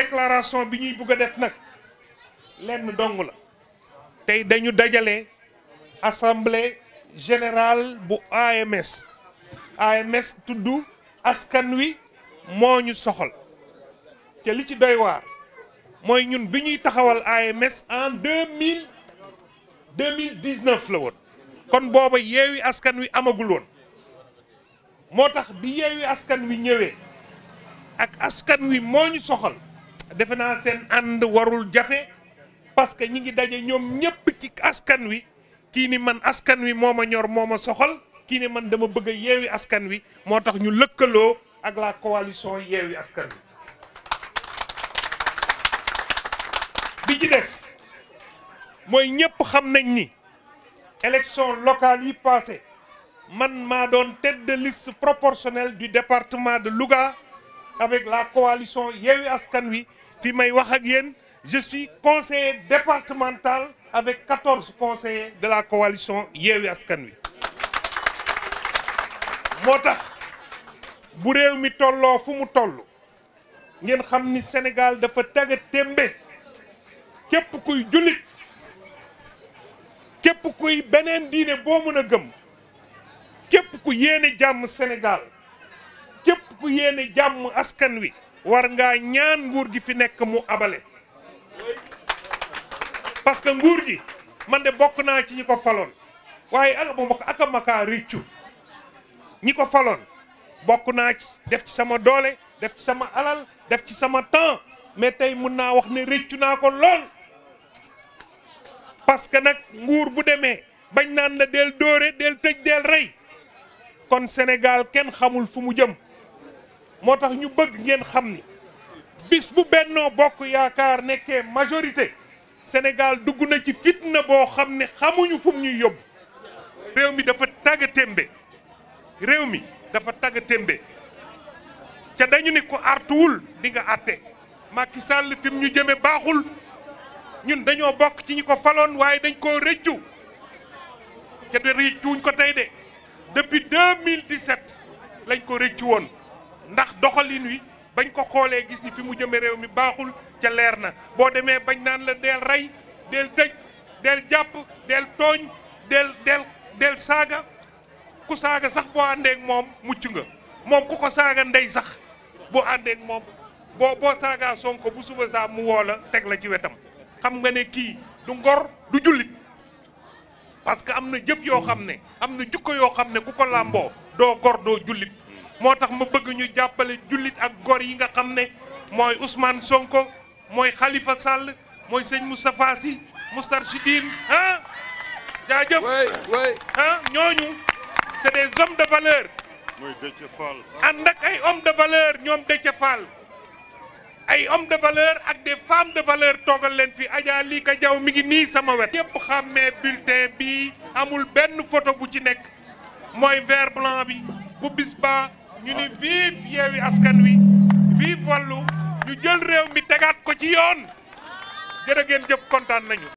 déclaration bi ñuy bugg a def nag lenn dong la tey dañu dajale assemblée général bu AMS AMS tuddu askan wi moo ñu soxal te li ci doy waar mooy ñun bi ñuy taxawal AMS en deux mille deux mille dix la woon kon booba yeewi askan wi amagul woon moo tax bi yeewi askan wi ñëwee ak askan wi moo ñu soxal defe naa seen ànd warul jafe parce que ñi ngi daje ñoom ñëpp ci askan wi kii ni man askan wi moo ma ñor moo ma soxal kii ni man dama bëgg a yeewi askan wi moo tax ñu lëkkaloo ak la coalition yeewi askan wi bi ci des mooy ñëpp xam nañ ni élection locale yi passé man maa doon tête de liste proportionnelle du département de Louga avec la coalition Yewwi Askan Wi fi may wax ak yéen je suis conseiller départemental avec quatorze conseillers de la coalition Yewwi Askan Wi moo tax bu réew mi tolloo fu mu tollu ngeen xam ni Sénégal dafa tagga tembe képp kuy jullit képp kuy beneen diine boo mën a gëm képp ku yéene jàmm Sénégal képp ku yéene jàmm askan wi war ngaa ñaan nguur gi fi nekk mu abale parce que nguur gi man de bokk naa ci ñi ko faloon waaye ak ma ak a makaa ñi ko faloon bokk naa ci def ci sama doole def ci sama alal def ci sama temps mais tey mun naa wax ne rëccu naa ko lool parce que nag nguur bu demee bañ naan la del dóore del tëj del rey kon Sénégal kenn xamul fu mu jëm moo tax ñu bëgg ngeen xam ni bis bu bennoo bokk yaakaar nekkee majorité Sénégal dugg na ci fitna boo xam ne xamuñu fu ñuy yóbbu réew mi dafa tagga témbe réew mi dafa tagga témbe ca dañu ne ko artuwul dinga nga àtte Macky Sall fi mu ñu jëme baaxul ñun dañoo bokk ci ñi ko faloon waaye dañ koo rëccu ca de rëccuwuñ ko tey de depuis 2017 lañ ko rëccu woon ndax doxalin wi bañ ko xoolee gis ni fi mu jëme réew mi baaxul ca leer na boo demee bañ naan la deel rey del tëj del jàpp del tooñ del del saaga ku saaga sax boo àndee moom mucc nga moom ku ko saaga ndey sax boo àndee ak moom boo boo saagaa Sonko bu suba saa mu woola teg la ci wetam xam nga ne kii du ngor du jullit parce que am na jëf yoo xam ne am na jukko yoo xam ne ku ko làmboo doo gor doo jullit moo tax ma bëgg ñu jàppale jullit ak gor yi nga xam ne mooy Ousmane Sonko mooy xalifa sàll mooy sëñ Moustapha Sy Moustarchidine ah jaajëf ñooñu c'est des hommes de valeur mooy ak ay hommes de valeur ñoom Déthié Fall ay hommes de valeur ak des femmes de valeur toogal leen fi Adja lii ka jaw mi ngi nii sama wet yépp xàmmee bulletin bi amul benn photo bu ci nekk mooy vert bi bu bis ñu ni vive Yewwi Askan Wi vive wàllu ñu jël réew mi tegaat ko ci yoon jërë ngeen jëf kontaan nañu